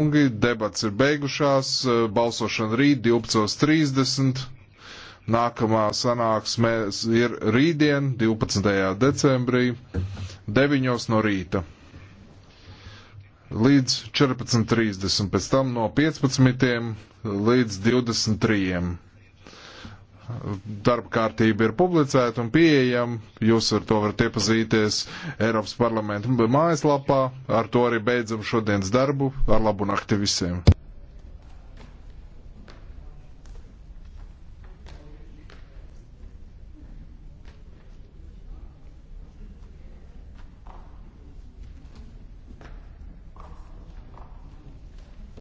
kungi, debats ir beigušās, eh, balsošana rīt 12.30. Nākamā sanāksme ir rītdien, 12. decembrī, 9. no rīta. Līdz 14.30, pēc tam no 15. līdz 23 darba kārtība ir publicēta un pieejama. Jūs ar to varat iepazīties Eiropas parlamenta mājaslapā. Ar to arī beidzam šodienas darbu. Ar labu nakti visiem!